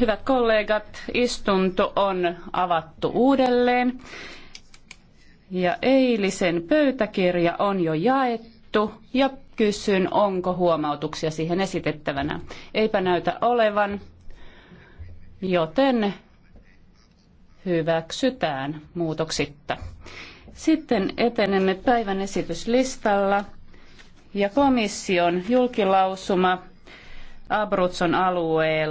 Hyvät kollegat, istunto on avattu uudelleen. Ja eilisen pöytäkirja on jo jaettu ja kysyn, onko huomautuksia siihen esitettävänä. Eipä näytä olevan, joten hyväksytään muutoksitta. Sitten etenemme päivän esityslistalla ja komission julkilausuma Abruzon alueella